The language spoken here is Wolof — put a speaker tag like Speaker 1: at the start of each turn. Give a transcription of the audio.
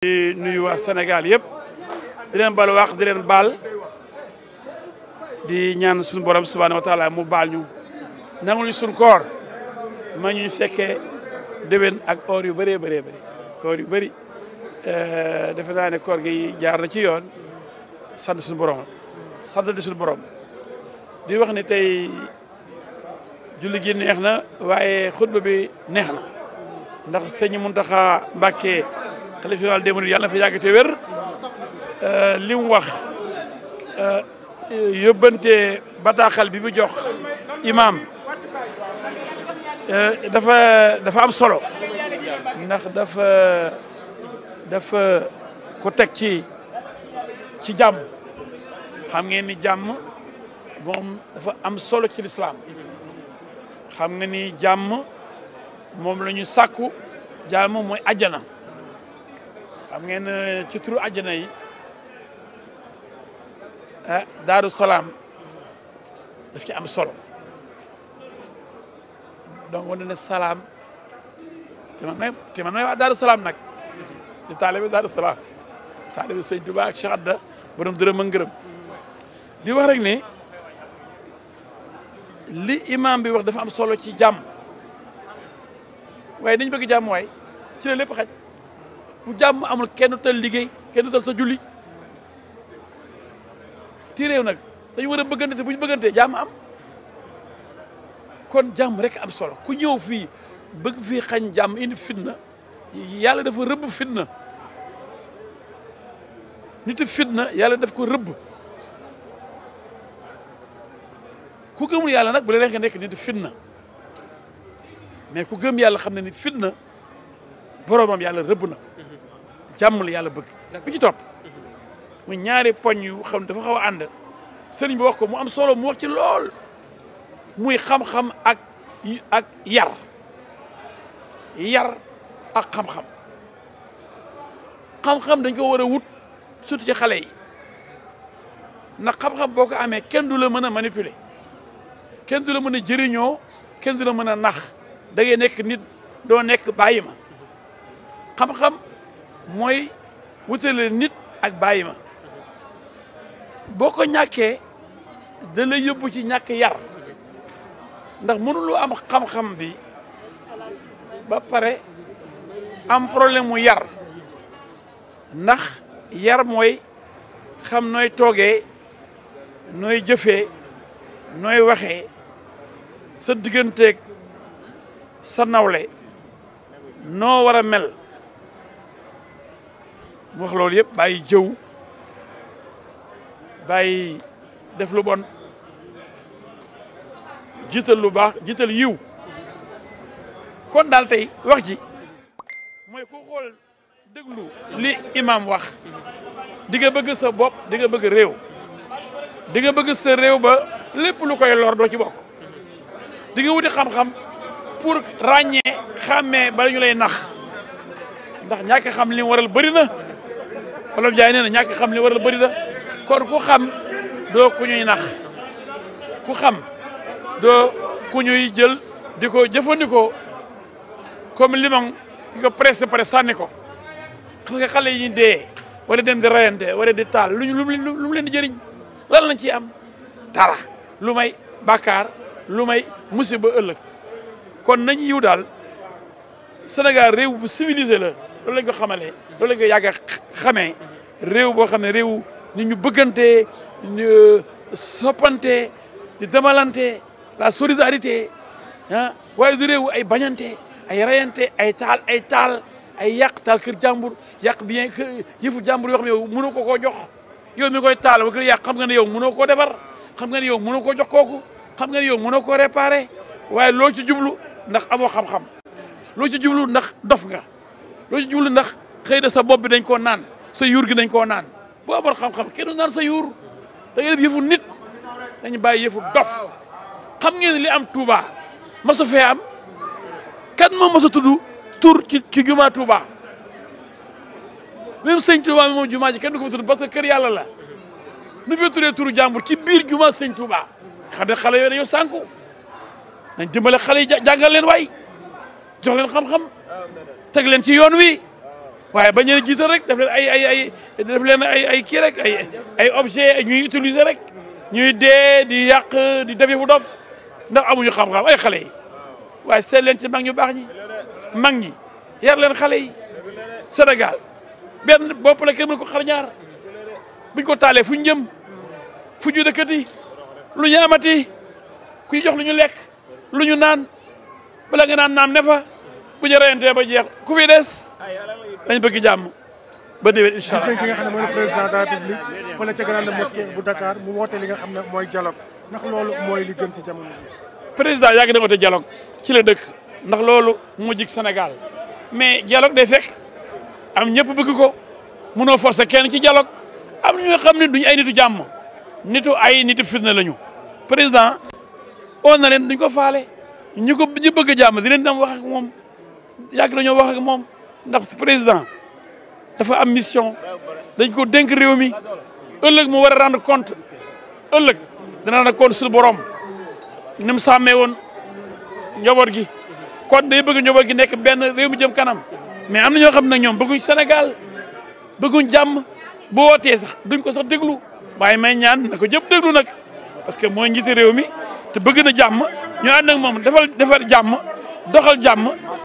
Speaker 1: di nuyu waa Sénégal yëpp di leen bal wax di leen baal di ñaan suñu boroom subhaanahu wa mu baal ñu nangu ñu suñu koor ma ñu fekke déwén ak or yu bëree bëree bëri koor yu bëri euh, defe naa ne koor gi jaar na ci yoon sant suñu boroom sant di suñu borom di wax ni tey julli gi neex na waaye xutba bi neex na ndax sëñ Muntaxa Mbàkke xalifa général des mourides yàlla na fa yàgg te wér euh, li wax euh, yóbbante bataaxal bi mu jox imaam euh, dafa dafa am solo ndax dafa dafa ko teg ci ci jàmm xam ngeen ni jàmm moom dafa am solo ci lislaam xam nga ni jàmm moom la ñu sàkku moom mooy àjjana xam ngeen euh, ci turu àjjana yi ah daaru salaam daf ci am solo donc wane ne salaam te man may te man may waa daaru salaam nag di taalibe daaru salaam taalibe sëñ Tuba ak Cheikh Adda borom dërëm ak ngërëm di wax rek li imam bi wax dafa am solo ci jàmm waaye dañ bëgg jàmm waay ci la lépp ku jàmm amul kenn tal liggéey kenn tal sa julli ci réew nag dañ war a bëggante te bu ñu bëggantee jàmm am kon jàmm rek am solo ku ñëw fii bëgg fii xañ jàmm indi fitna yàlla dafa rëbb fitna nit fitna yàlla def ko rëbb ku gëmul yàlla nag bu la neex nga nekk nit fitna mais ku gëm yàlla xam ne ni fitna boroomam yàlla rëbb na jàmm la yàlla bëgg bi ci topp mu ñaari poñ yu xam dafa xaw a ànd sëriñ bi wax ko mu am solo mu wax ci lool muy xam-xam ak ak yar yar ak xam-xam xam-xam dañ ko war a wut surtout ci xale yi ndax xam-xam boo ko amee kenn du la mën a manipuler kenn du la mën a jëriñoo kenn du la mën a nax da ngay nekk nit doo nekk bàyyi ma xam-xam mooy wutale nit ak bàyyi boo ko ñàkkee da la yóbbu ci ñàkk yar ndax mënuloo am xam-xam bi ba pare am problème yar ndax yar mooy xam nooy toogee nooy jëfee nooy waxee sa digganteeg sa nawle noo war a mel mu wax loolu yëpp bàyyi jëw bàyyi def lu bon jiital lu baax jiital yiw kon daal tey wax ji mooy ku xool déglu li imam wax di nga bëgg sa bopp di nga bëgg réew di bëgg sa réew ba lépp lu koy lor doo ci bokk di nga wuti xam-xam pour ràññee xàmmee bala ñu lay nax ndax ñàkk xam li mu waral bëri na olof jaay nee na ñàkk xam li war a bëri la kon ku xam doo ku ñuy nax ku xam doo ku ñuy jël di ko jëfandikoo comme limon di ko presse pare sànni ko xam nga xale yi ñu dee wala dem di rayante wala di taal luñ lu mu leen di jëriñ lan lañ ciy am dara lu may bàkkaar lu may musiba ëllëg kon nañ yiw daal Sénégal réew bu civilisé la loolu lañ ko xamalee loolu lañ ko yàgg réew boo xam ne réew ni ñu bëggante ñu soppante di demalante la solidarité ah waaye du réew ay bañante ay rayante ay taal ay taal ay yàq taal kër jàmbur yàq bien kër yëfu jàmbur yoo xam ne yow mënoo ko ko jox yow mi koy taal ba kër yàq xam nga ne yow mënoo koo defar xam nga ne yow mënoo koo jox kooku xam nga ne yow mënoo koo réparé waaye loo ci jublu ndax amoo xam-xam loo ci jublu ndax dof nga loo ci jublu ndax xëy na sa bopp bi dañ koo naan sa yuur gi dañ koo naan boo amoon xam-xam kenn naan sa yuur da def yëfu nit dañu bàyyi yëfu dof xam ngeen li am Touba masu fee am kan moo mas a tudd tur ci ci jumaa Touba même sëñ Touba mi moom jumaa ji kenn du ko fa tudd parce que kër yàlla la nu fi turee turu jàmbur ci biir jumaa sëñ Touba xam xale yooyu dañoo sànku dañ dimbale xale yi jàngal leen waay jox leen xam-xam teg leen ci yoon wi waaye bañ a rek def ay ay ay def ay ay kii rek ay ay objet ñuy utiliser rek ñuy dee di yàq di def fu dof ndax amuñu xam-xam xale yi waaye seet leen ci mag ñu baax ñi mag ñi yar leen xale yi Sénégal benn bopp la kenn mën ko xar buñ ko taalee fuñ jëm fu ñu dëkkati lu ñu amati kuy jox lu ñu lekk lu ñu naan bala nga naan naam ne fa bu ñu reyantee ba jeex ku fi des dañ bëgg jàmm ba déwén incha allah. ki nga xam ne mooy le président de la république fële ca grande mosquée bu Dakar mu woote li nga xam ne mooy dialogue ndax loolu mooy li ci jamono bi. président yàgg na woote dialogue dëkk ndax loolu moo jig Sénégal mais dialogue day fekk am ñëpp bëgg ko mënoo forcer kenn ci dialogue am na xam ne duñu ay nitu jàmm nitu ay nitu fitna lañu président on na leen ko faale ñu ko ñu bëgg a jàmm di leen dem wax moom. yàgg nañoo wax ak moom ndax président dafa am mission dañ ko dénk réew mi ëllëg mu war a rendre compte ëllëg dana rendre compte suñu borom ni mu sàmmee woon njaboot gi kon day bëgg njaboot gi nekk benn réew mi jëm kanam mais am na ñoo xam ne ñoom bëgguñ Sénégal bëgguñ jàmm bu wootee sax dañ ko sax déglu waaye may ñaan ko jëpp déglu nag parce que mooy njiiti réew mi te bëgg na jàmm ñu ànd moom defal defar jàmm doxal jàmm